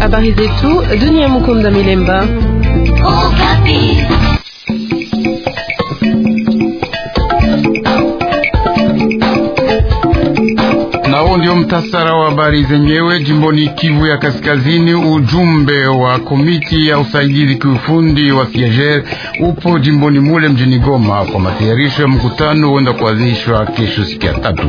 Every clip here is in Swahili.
Habari zetu Dunia Mukunda Milemba. Okapi. Nao ndio mtasara wa habari zenyewe. Jimboni Kivu ya Kaskazini, ujumbe wa komiti ya usaidizi kiufundi wa Siager upo jimboni mule mjini Goma kwa matayarisho ya mkutano huenda kuanzishwa kesho siku ya tatu.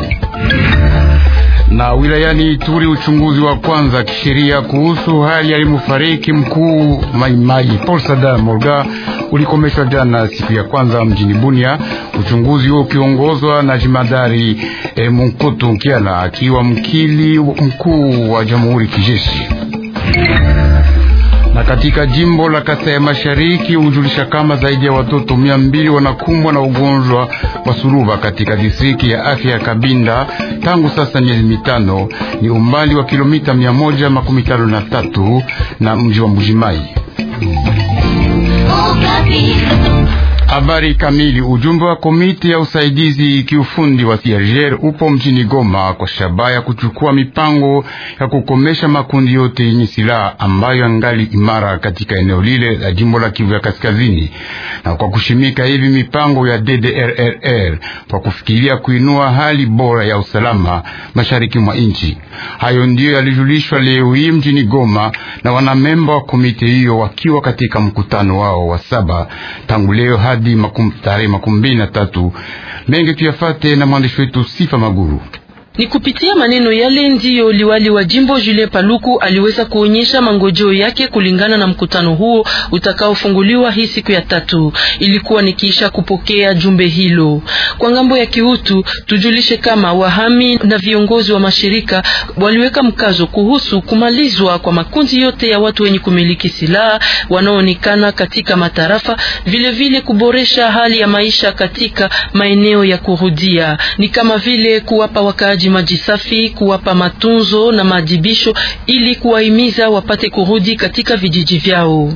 Na wilayani Ituri, uchunguzi wa kwanza kisheria kuhusu hali alimufariki mkuu Maimai Paul Sadar Morga ulikomeshwa jana siku ya kwanza mjini Bunia. Uchunguzi huo ukiongozwa na jimadari e, eh, Munkutu Nkiana akiwa mkili mkuu wa jamhuri kijeshi na katika jimbo la Kasai Mashariki hujulisha kama zaidi ya watoto mia mbili wanakumbwa na ugonjwa wa suruba katika distriki ya afya ya Kabinda tangu sasa miezi mitano, ni umbali wa kilomita mia moja makumi tano na tatu na mji wa Mbujimai. Habari kamili. Ujumbe wa komiti ya usaidizi kiufundi wa Sierger upo mjini Goma kwa shabaha ya kuchukua mipango ya kukomesha makundi yote yenye silaha ambayo angali imara katika eneo lile la jimbo la Kivu ya Kaskazini, na kwa kushimika hivi mipango ya DDRRR kwa kufikiria kuinua hali bora ya usalama mashariki mwa nchi. Hayo ndiyo yalijulishwa leo hii mjini Goma na wanamemba wa komiti hiyo wakiwa katika mkutano wao wa saba tangu leo hadi hadi tarehe makumi mbili na tatu. Mengi tuyafate na mwandishi wetu Sifa Maguru. Ni kupitia maneno yale ndiyo liwali wa jimbo Julien Paluku aliweza kuonyesha mangojeo yake kulingana na mkutano huo utakaofunguliwa hii siku ya tatu. Ilikuwa nikiisha kupokea jumbe hilo. Kwa ngambo ya kiutu, tujulishe kama wahami na viongozi wa mashirika waliweka mkazo kuhusu kumalizwa kwa makundi yote ya watu wenye kumiliki silaha wanaoonekana katika matarafa, vilevile vile kuboresha hali ya maisha katika maeneo ya kurudia, ni kama vile kuwapa wakaaji watumiaji maji safi, kuwapa matunzo na maadibisho ili kuwahimiza wapate kurudi katika vijiji vyao.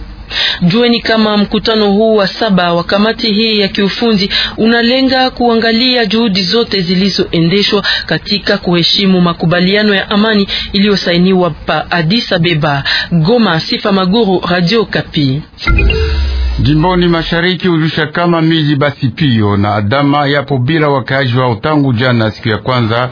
Jueni kama mkutano huu wa saba wa kamati hii ya kiufundi unalenga kuangalia juhudi zote zilizoendeshwa katika kuheshimu makubaliano ya amani iliyosainiwa pa Addis Abeba. Goma, Sifa Maguru, Radio Kapi. Jimboni mashariki ujusha kama miji Basipio na Adama yapo bila wakaaji wao tangu jana, siku ya kwanza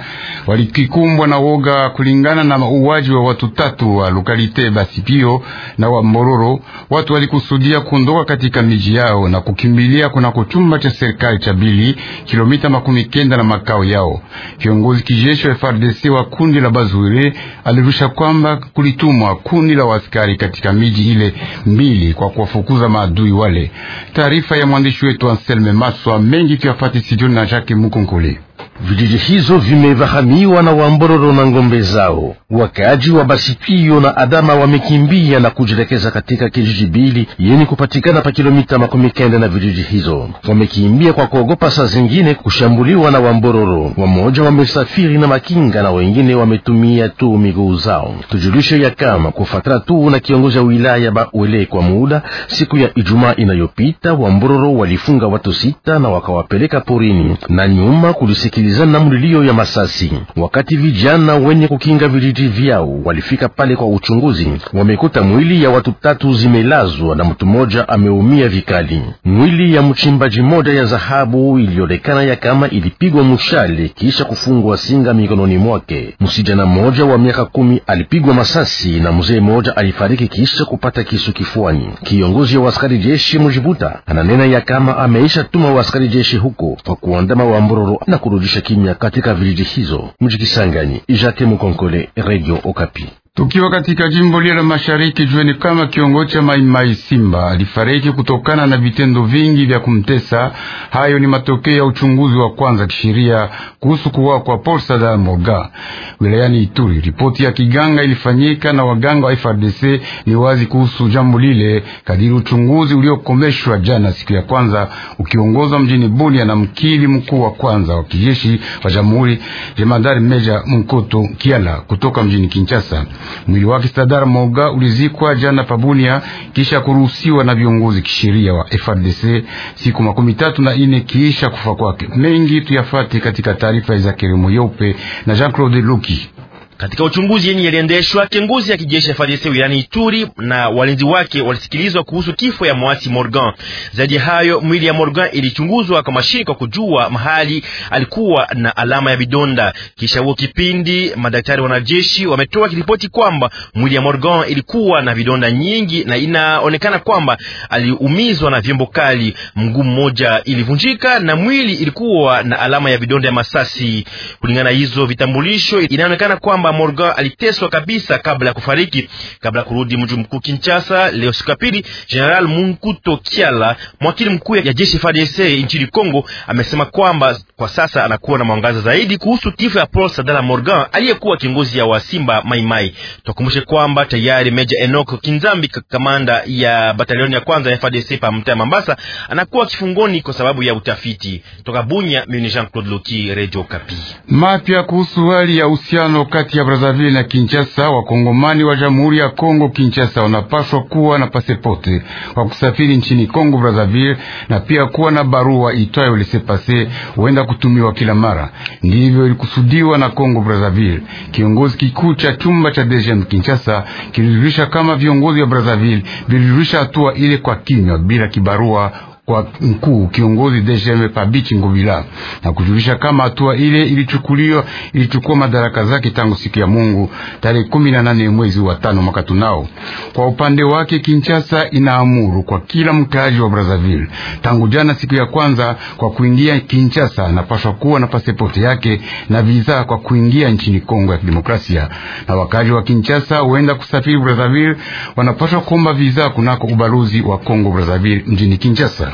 walikikumbwa na woga kulingana na mauaji wa watu tatu wa lokalite Basipio na wa Mororo. Watu walikusudia kuondoka katika miji yao na kukimbilia kunako chumba cha serikali cha Bili, kilomita makumi kenda na makao yao. Kiongozi kijeshi wa FARDC wa kundi la Bazwire alirusha kwamba kulitumwa kundi la waskari katika miji ile mbili kwa kuwafukuza maadui wale. Taarifa ya mwandishi wetu Anselme Maswa mengi tuyafati studioni na Jacques Mukonkole. Vijiji hizo vimevahamiwa na Wambororo na ngombe zao. Wakaaji wa Basikio na Adama wamekimbia na kujielekeza katika kijiji bili yeni kupatikana pa kilomita makumi kenda na vijiji hizo. Wamekimbia kwa kuogopa saa zingine kushambuliwa na Wambororo. Wamoja wamesafiri na makinga na wengine wametumia tu miguu zao. Tujulishe ya kama kufatana tu na kiongozi wa wilaya Bawele, kwa muda siku ya Ijumaa inayopita Wambororo walifunga watu sita na wakawapeleka porini na nyuma kulisikia kusikiliza na mlilio ya masasi. Wakati vijana wenye kukinga vijiji vyao walifika pale kwa uchunguzi, wamekuta mwili ya watu tatu zimelazwa na mtu mmoja ameumia vikali. Mwili ya mchimbaji moja ya dhahabu ilionekana ya kama ilipigwa mshale kisha kufungwa singa mikononi mwake. Msijana mmoja wa miaka kumi alipigwa masasi na mzee mmoja alifariki kisha kupata kisu kifuani. Kiongozi wa askari jeshi Mujibuta ananena ya kama ameisha tuma wa askari jeshi huko kwa kuandama wa mbororo na kurudisha kupitisha kimya katika vijiji hizo. Mjikisangani, Kisangani, Mukonkole, Radio Okapi. Tukiwa katika jimbo lile la mashariki, jueni kama kiongozi cha Maimai Simba alifariki kutokana na vitendo vingi vya kumtesa. Hayo ni matokeo ya uchunguzi wa kwanza kisheria kuhusu kuwa kwa Paul Sadala Moga wilayani Ituri. Ripoti ya kiganga ilifanyika na waganga wa FRDC ni wazi kuhusu jambo lile, kadiri uchunguzi uliokomeshwa jana siku ya kwanza ukiongozwa mjini Bunia na mkili mkuu wa kwanza wa kijeshi wa jamhuri, jemadari meja Mkoto Kiala kutoka mjini Kinshasa. Mwili wake stadar Moga ulizikwa jana Pabunia kisha kuruhusiwa na viongozi kisheria wa FRDC siku makumi tatu na ine kisha kufa kwake. Mengi tuyafate katika taarifa za Keremo Yope na Jean Claude Luki. Katika uchunguzi yenye yaliendeshwa, kiongozi ya kijeshi ya FARDC e wilayani Ituri na walinzi wake walisikilizwa kuhusu kifo ya mwasi Morgan. Zaidi hayo, mwili ya Morgan ilichunguzwa kwa mashine kwa kujua mahali alikuwa na alama ya vidonda. Kisha huo kipindi, madaktari wanajeshi wametoa ripoti kwamba mwili ya Morgan ilikuwa na vidonda nyingi na inaonekana kwamba aliumizwa na vyombo kali. Mguu mmoja ilivunjika na mwili ilikuwa na alama ya vidonda ya masasi. Kulingana hizo vitambulisho, inaonekana kwamba kwamba Morgan aliteswa kabisa kabla ya kufariki. Kabla ya kurudi mji mkuu Kinshasa leo siku ya pili, General Munkuto Kiala, mwakili mkuu ya jeshi FARDC nchini Kongo, amesema kwamba kwa sasa anakuwa na mwangaza zaidi kuhusu kifo ya Paul Sadala Morgan aliyekuwa kiongozi ya Wasimba Maimai. Tukumbushe kwamba tayari Meja Enoch Kinzambi, kamanda ya batalioni ya kwanza ya FARDC pa mtaa Mambasa, anakuwa kifungoni kwa sababu ya utafiti. Toka Bunya, mimi ni Jean Claude Loki, Radio Kapi. Mapya kuhusu hali ya uhusiano kati kati ya Brazzaville na Kinshasa, wakongomani wa Jamhuri ya Kongo Kinshasa wanapaswa kuwa na pasipoti kwa kusafiri nchini Kongo Brazzaville na pia kuwa na barua itwayo lese huenda kutumiwa kila mara. Ndivyo ilikusudiwa na Kongo Brazzaville. Kiongozi kikuu cha chumba cha DGM Kinshasa kilijulisha kama viongozi wa Brazzaville vilijulisha hatua ile kwa kinywa bila kibarua kwa mkuu kiongozi DGM Pabichi Ngobila na kujulisha kama hatua ile ilichukuliwa ilichukua madaraka zake tangu siku ya Mungu tarehe 18 mwezi wa tano mwaka tunao. Kwa upande wake, Kinshasa inaamuru kwa kila mkaaji wa Brazzaville tangu jana siku ya kwanza kwa kuingia Kinshasa anapaswa kuwa na pasipoti yake na visa kwa kuingia nchini Kongo ya Kidemokrasia, na wakaaji wa Kinshasa huenda kusafiri Brazzaville wanapaswa kuomba visa kunako ubalozi wa Kongo Brazzaville mjini Kinshasa.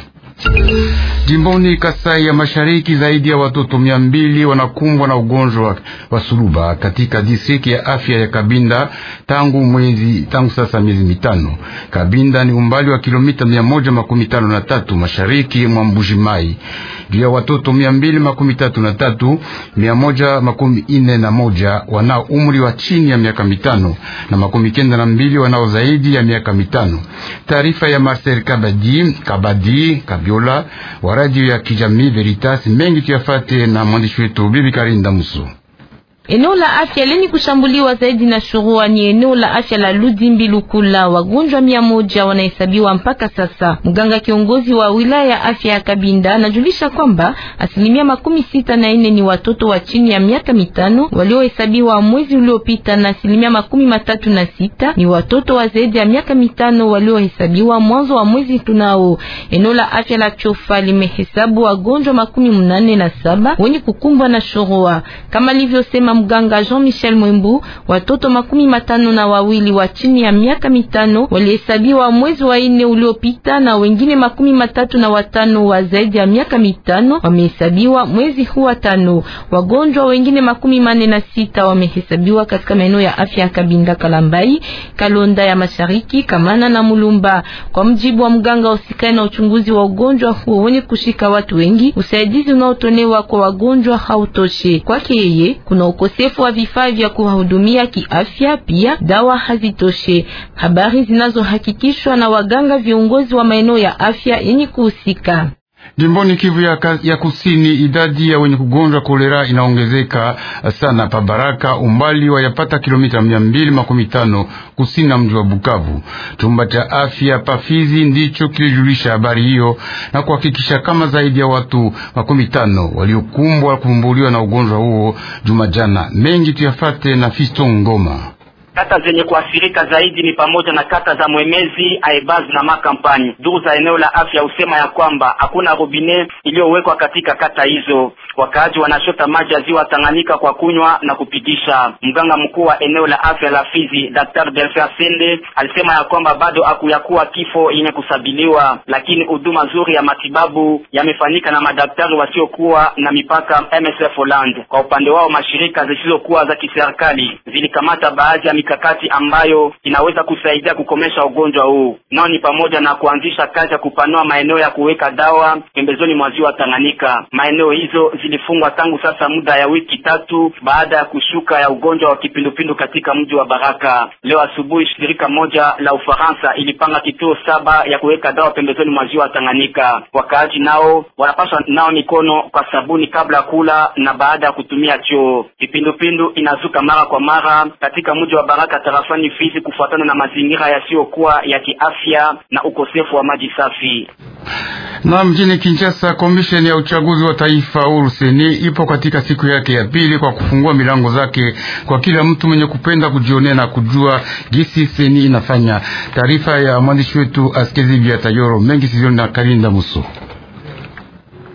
Jimboni Kasai ya Mashariki, zaidi ya watoto mia mbili wanakumbwa na ugonjwa wa suluba katika distriki ya afya ya Kabinda tangu mwezi tangu sasa miezi mitano. Kabinda ni umbali wa kilomita mia moja makumi tano na tatu mashariki mwa Mai. Juu ya watoto mia mbili makumi tatu na tatu mia moja makumi ine na moja wanao umri wa chini ya miaka mitano na makumi kenda na mbili wanao zaidi ya miaka mitano. Taarifa ya Marcel Kabadi Kabadi Kabadi Biola wa radio ya kijamii Veritas. Mengi tuyafate na mwandishi wetu Bibi Karinda Musu. Eneo la afya leni kushambuliwa zaidi na shurua ni eneo la afya la Ludimbi Lukula. Wagonjwa mia moja wanahesabiwa mpaka sasa. Mganga kiongozi wa wilaya ya afya ya Kabinda anajulisha kwamba asilimia makumi sita na nne ni watoto wa chini ya miaka mitano waliohesabiwa mwezi uliopita, na asilimia makumi matatu na sita ni watoto wa zaidi ya miaka mitano waliohesabiwa mwanzo wa mwezi tunao. Eneo la afya la Chofa limehesabu wagonjwa makumi mnane na saba wenye kukumbwa na shurua kama alivyosema mganga Jean Michel Mwembu, watoto makumi matano na wawili wa chini ya miaka mitano walihesabiwa mwezi wa ine uliopita, na wengine makumi matatu na watano wa zaidi ya miaka mitano wamehesabiwa mwezi huu wa tano. Wagonjwa wengine makumi mane na sita wamehesabiwa katika maeneo ya afya ya Kabinda, Kalambai, Kalonda ya Mashariki, Kamana na Mulumba. Kwa mjibu wa mganga usikae na uchunguzi wa ugonjwa huo wenye kushika watu wengi, usaidizi unaotolewa kwa wagonjwa hautoshi. Kwake yeye kuna uko ukosefu wa vifaa vya kuwahudumia kiafya, pia dawa hazitoshe. Habari zinazohakikishwa na waganga viongozi wa maeneo ya afya yenye kuhusika. Jimboni Kivu ya, ya Kusini, idadi ya wenye kugonjwa kolera inaongezeka eh, sana pa Baraka, umbali wa yapata kilomita mia mbili makumi tano kusini na mji wa Bukavu. Chumba cha afya Pafizi ndicho kilijulisha habari hiyo na kuhakikisha kama zaidi ya watu makumi tano waliokumbwa kuvumbuliwa na ugonjwa huo juma jana. Mengi tuyafate na Fisto Ngoma. Kata zenye kuathirika zaidi ni pamoja na kata za Mwemezi, Aibaz na Makampani. Duru za eneo la afya husema ya kwamba hakuna robine iliyowekwa katika kata hizo. Wakaaji wanashota maji ya ziwa Tanganyika kwa kunywa na kupitisha. Mganga mkuu wa eneo la afya la Fizi, Dr. Delphin Sende, alisema ya kwamba bado hakuyakuwa kifo yenye kusabiliwa, lakini huduma nzuri ya matibabu yamefanyika na madaktari wasiokuwa na mipaka MSF Holland. Kwa upande wao, mashirika zisizokuwa za kiserikali zilikamata baadhi ya mikakati ambayo inaweza kusaidia kukomesha ugonjwa huu, nao ni pamoja na kuanzisha kazi ya kupanua maeneo ya kuweka dawa pembezoni mwa ziwa Tanganyika. Maeneo hizo zilifungwa tangu sasa muda ya wiki tatu baada ya kushuka ya ugonjwa wa kipindupindu katika mji wa Baraka. Leo asubuhi, shirika moja la Ufaransa ilipanga kituo saba ya kuweka dawa pembezoni mwa ziwa Tanganyika. Wakaaji nao wanapaswa nao mikono kwa sabuni kabla ya kula na baada ya kutumia choo. Kipindupindu inazuka mara kwa mara katika mji wa Baraka tarafani Fizi kufuatana na mazingira yasiyokuwa ya kiafya na ukosefu wa maji safi. Na mjini Kinshasa, komisheni ya uchaguzi wa taifa seni ipo katika siku yake ya pili kwa kufungua milango zake kwa kila mtu mwenye kupenda kujionea na kujua gisi seni inafanya. Taarifa ya mwandishi wetu Askezi Biatayoro mengi sizioni na Kalinda Musu.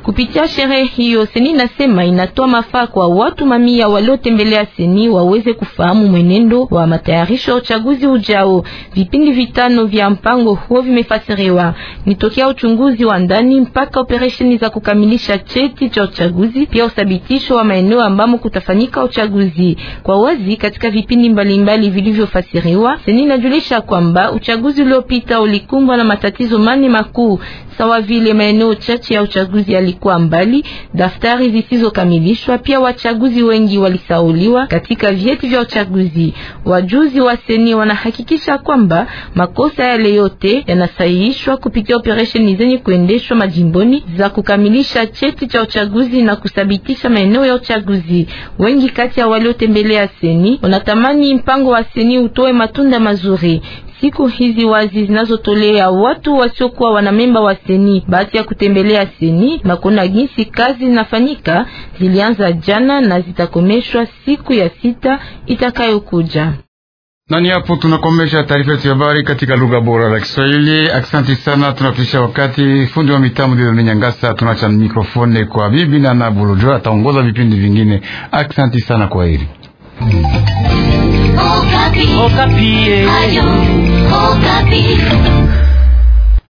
Kupitia sherehe hiyo, Seni nasema inatoa mafaa kwa watu mamia waliotembelea Seni waweze kufahamu mwenendo wa matayarisho ya uchaguzi ujao. Vipindi vitano vya mpango huo vimefasiriwa ni tokea uchunguzi wa ndani mpaka operesheni za kukamilisha cheti cha uchaguzi, pia uthabitisho wa maeneo ambamo kutafanyika uchaguzi kwa wazi. Katika vipindi mbalimbali vilivyofasiriwa, Seni inajulisha kwamba uchaguzi uliopita ulikumbwa na matatizo mane makuu, sawa vile maeneo chache ya uchaguzi yali walikuwa mbali, daftari zisizokamilishwa. Pia wachaguzi wengi walisauliwa katika vyeti vya uchaguzi. Wajuzi wa seni wanahakikisha kwamba makosa yale yote yanasahihishwa kupitia operesheni zenye kuendeshwa majimboni za kukamilisha cheti cha uchaguzi na kusabitisha maeneo ya uchaguzi. Wengi kati ya waliotembelea seni wanatamani mpango wa seni utoe matunda mazuri siku hizi wazi zinazotolea watu wasiokuwa wanamemba wa seni bahati ya kutembelea seni na kuona jinsi kazi zinafanyika zilianza jana na zitakomeshwa siku ya sita itakayokuja. Nani hapo, tunakomesha taarifa yetu ya habari katika lugha bora la Kiswahili. Aksanti sana, tunapitisha wakati fundi wa mitambo Dido Nyangasa. Tunaacha mikrofone kwa bibi na na ataongoza vipindi vingine. Aksanti sana, kwa heri. Eh. Oh, the